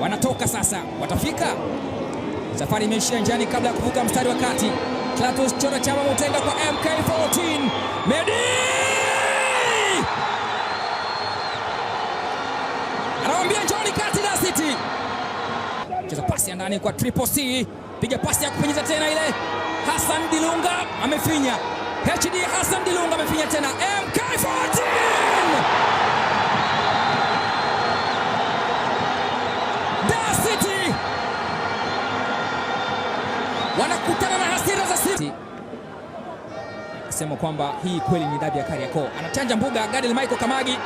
wanatoka sasa, watafika. Safari imeishia njiani kabla ya kuvuka mstari wa kati. Clatous Chora Chama Mutenga kwa MK14 Medi anawambia njoni kati na City, cheza pasi ya ndani kwa Triple C, piga pasi ya kupenyeza tena ile. Hassan Dilunga amefinya, HD Hassan Dilunga amefinya tena MK14 City wanakutana na hasira za City akisema kwamba hii kweli ni dabi ya Kariakoo. Anachanja mbuga Gadiel Michael Kamagi,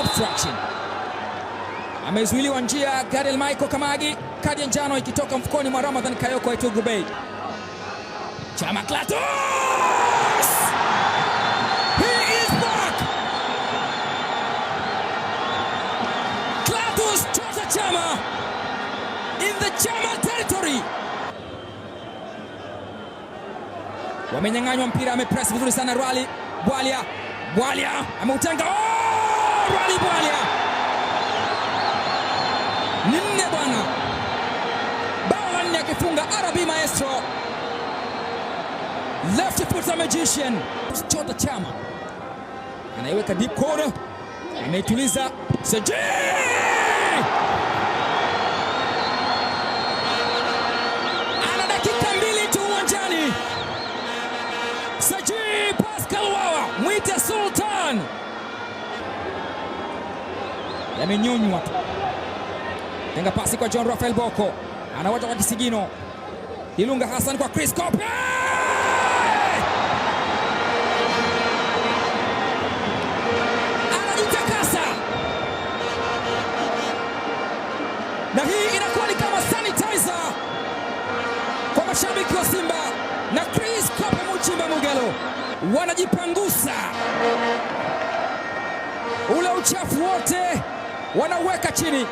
obstruction amezuiliwa njia. Gadiel Michael Kamagi, kadi ya njano ikitoka mfukoni mwa Ramadhan Kayoko Etugu Bey. Chama Klato German territory. Wamenyang'anywa mpira, amepress vizuri sana Rwali Bwalia. Bwalia ameutenga. Oh, Rwali Bwalia ni nne bwana, bao la nne akifunga RB Maestro. Left foot magician Chota Chama anaiweka deep corner, ameituliza Sejee yamenyonywa tu. Tenga pasi kwa John Rafael Boko, anawacha kwa kisigino Ilunga Hassan kwa Chris Kope. Anajitakasa na hii inakuwa ni kama sanitizer kwa mashabiki wa Simba na Chris Kope Muchimba Mugalo wanajipangusa ule uchafu wote wanaweka chini.